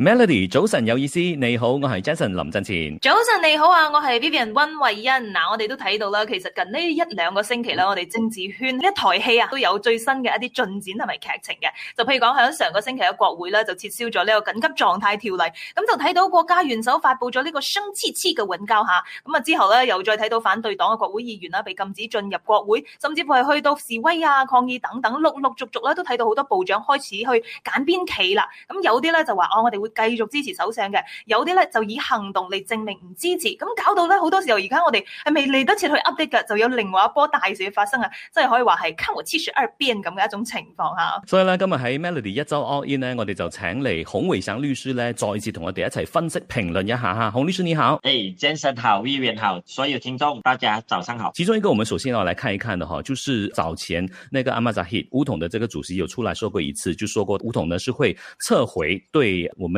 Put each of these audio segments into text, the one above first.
Melody，早晨有意思，你好，我係 Jason 林振前。早晨你好啊，我係 Vivian 溫慧欣。嗱、啊，我哋都睇到啦，其實近呢一兩個星期咧，我哋政治圈呢一台戲啊，都有最新嘅一啲進展同埋劇情嘅。就譬如講喺上個星期嘅國會咧，就撤銷咗呢個緊急狀態條例。咁就睇到國家元首發佈咗呢個生黐黐嘅混交下咁啊之後咧，又再睇到反對黨嘅國會議員啦、啊，被禁止進入國會，甚至乎係去到示威啊、抗議等等，陸陸續續咧都睇到好多部長開始去揀邊企啦。咁有啲咧就話哦、啊，我哋會。繼續支持首相嘅，有啲咧就以行動嚟證明唔支持，咁搞到咧好多時候而家我哋係未嚟得切去 update 嘅，就有另外一波大事發生啊！即係可以話係 come and 咁嘅一種情況嚇。所以咧今日喺 Melody 一周 all in 呢，我哋就請嚟洪偉翔律師咧，再一次同我哋一齊分析評論一下吓，洪律師你好 hey,，j 誒，Jensen 好，Vivian 好，所有聽眾大家早上好。其中一個我們首先要來看一看嘅嚇，就是早前那個 Ahmad Zahid，巫統的這個主席有出嚟說過一次，就說過巫統呢是會撤回對我們。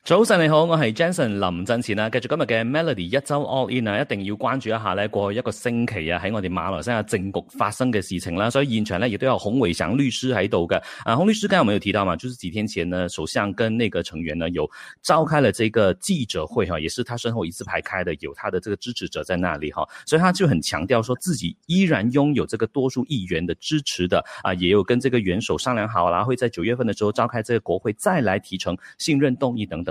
早晨你好，我係 Jason 林振前啦。繼續今日嘅 Melody 一周 All In 啊，一定要關注一下咧，過去一個星期啊喺我哋馬來西亞政局發生嘅事情啦。所以現場咧亦都有洪偉翔律師喺度嘅。啊，洪律師剛才我們有提到嘛，就是幾天前呢，首相跟那個成員呢，有召開了這個記者會哈、啊，也是他身後一字排開的，有他的這個支持者在那裡哈、啊。所以他就很強調說自己依然擁有這個多數議員的支持的啊，也有跟這個元首商量好啦、啊，會在九月份的時候召開這個國會再來提呈信任動議等等。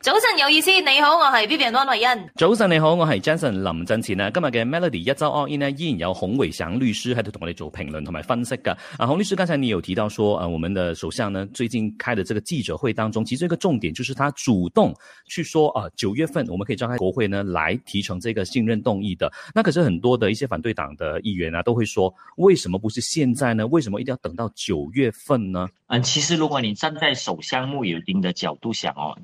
早晨有意思，你好，我係 Vivian 安慧恩。早晨你好，我係 j a n s o n 林振奇呢。今日嘅 Melody 一周 all in 呢，依然有洪偉翔律師喺度同我哋做評論同埋分析嘅啊。洪律師，剛才你有提到說啊，我們的首相呢最近開的這個記者會當中，其實一個重點就是他主動去說啊，九月份我們可以召開國會呢，來提呈這個信任動議的。那可是很多的一些反對黨的議員啊，都會說，為什麼不是現在呢？為什麼一定要等到九月份呢？嗯，其實如果你站在首相慕尤丁的角度想哦。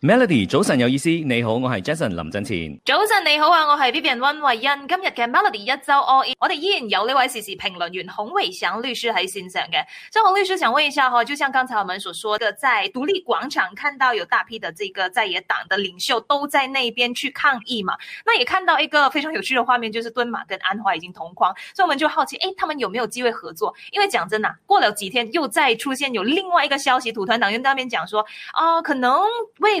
Melody，早晨有意思，你好，我係 Jason 林振前。早晨你好啊，我係 Vivian 溫慧欣。今日嘅 Melody 一周 all in，我哋依然有呢位時事評論員洪偉翔律師喺線上嘅。所以洪律師想問一下哈，就像剛才我們所說的，在獨立廣場看到有大批的這個在野黨的領袖都在那邊去抗議嘛，那也看到一個非常有趣的畫面，就是敦馬跟安華已經同框，所以我們就好奇，誒，他們有沒有機會合作？因為講真啊，過了幾天又再出現有另外一個消息，土團黨員那邊講說，哦、呃、可能未